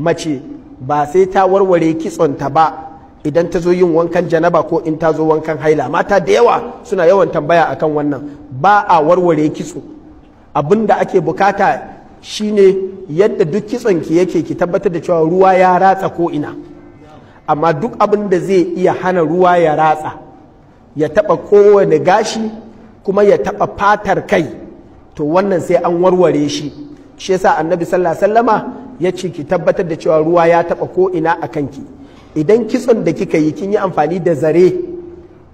mace ba sai ta warware kitsonta ba idan ta zo yin wankan janaba ko in ta zo wankan haila mata da yawa suna yawan tambaya akan wannan ba a warware kitso abin da ake bukata shine yadda duk kitson ki yake ki tabbatar da cewa ruwa ya ratsa ko ina amma duk abin da zai iya hana ruwa ya ratsa ya taba kowane gashi kuma ya taba fatar kai to wannan sai an warware shi shi yasa annabi sallallahu alaihi wasallama ya ce ki tabbatar da cewa ruwa ya taɓa ko ina a kanki idan kitson da kika yi kin yi amfani da zare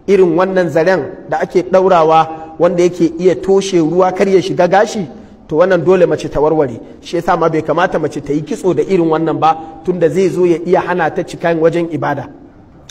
irin wannan zaren da ake ɗaurawa wanda yake iya toshe ruwa kar ya shiga gashi to wannan dole mace ta warware shi yasa ma bai kamata mace ta yi kitso da irin wannan ba tunda zai zo ya iya hana ta cikan wajen ibada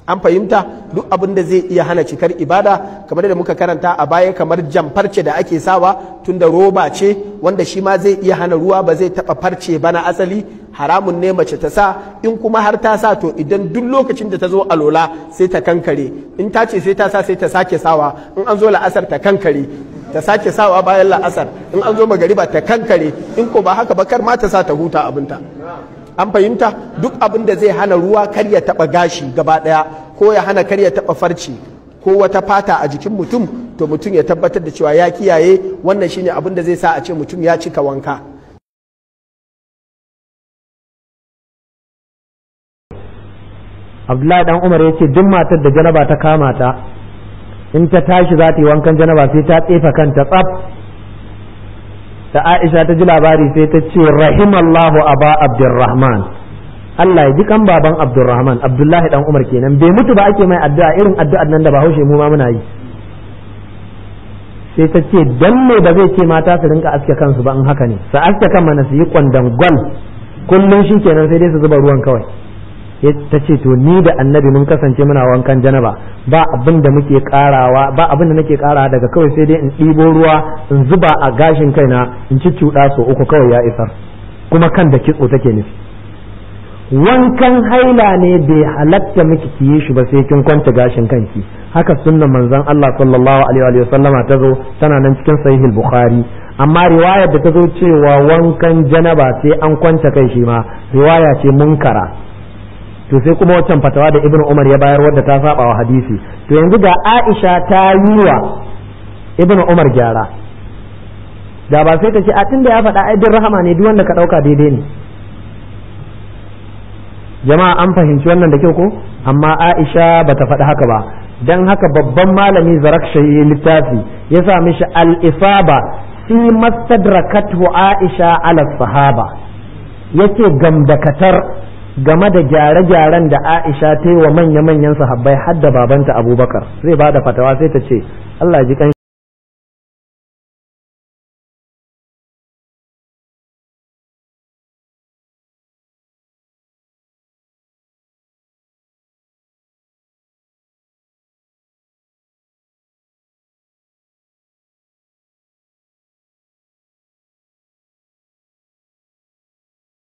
an fahimta duk abin da zai iya hana cikar ibada kamar da muka karanta a baya kamar jamfarce da ake sawa tun da roba ce wanda shi ma zai iya hana ruwa ba zai taba farce ba na asali haramun ne mace ta sa in kuma har ta sa to idan duk lokacin da ta zo alola sai ta kankare in ta ce sai ta sa sai ta sake sawa in an zo la'asar ta kankare ta sake sawa bayan la'asar in an zo magariba ta kankare in ko ba haka ba kar ma ta sa ta huta abinta an fahimta duk abin da zai hana ruwa kar ya taɓa gashi gaba ɗaya ko ya hana kar ya taɓa farce ko wata fata a jikin mutum to mutum ya tabbatar da cewa ya kiyaye wannan shine abin da zai sa a ce mutum ya cika wanka Abdullahi dan Umar ya ce duk matar da janaba ta kama ta in ta tashi za ta yi wankan janaba sai ta tsefa kanta tsaf da Aisha ta ji labari sai ta ce rahimallahu aba Abdurrahman Allah ya ji kan baban Abdurrahman Abdullahi dan Umar kenan bai mutu ba ake mai addu'a irin addu'ar nan da ba haushe mu ma muna yi sai ta ce dan me ba zai ce mata su rinka aske kansu ba in haka ne sa aske kan mana su yi kwandon gwal kullum shi kenan sai dai su zuba ruwan kawai ta ce to ni da annabi mun kasance muna wankan janaba ba abin da muke karawa ba abin da nake karawa daga kawai sai dai in ɗibo ruwa in zuba a gashin kaina in ci cuɗa so uku kawai ya isar kuma kan da kitso take nufi wankan haila ne bai halatta miki kiyi shi ba sai kin kwanta gashin kanki haka sunnan manzon Allah sallallahu alaihi wa sallama ta zo tana nan cikin sahihul bukhari amma riwayar da ta zo cewa wankan janaba sai an kwanta kai shi ma riwaya ce munkara to sai kuma waccan fatawa da ibnu umar ya bayar wadda ta saba wa hadisi to yanzu ga aisha ta yi wa ibnu umar gyara da ba sai ta ce a tunda ya faɗa aibin rahama ne duk wanda ka ɗauka daidai ne jama'a an fahimci wannan da kyau ko amma aisha ba ta faɗi haka ba dan haka babban malami zarakshai littafi ya sa mishi al-isaba fi mastadrakatu aisha ala sahaba yake gamdakatar game da gyare-gyaren da Aisha ta yi wa manya-manyan sahabbai har da babanta Abubakar zai ba da fatawa sai ta ce Allah ji kan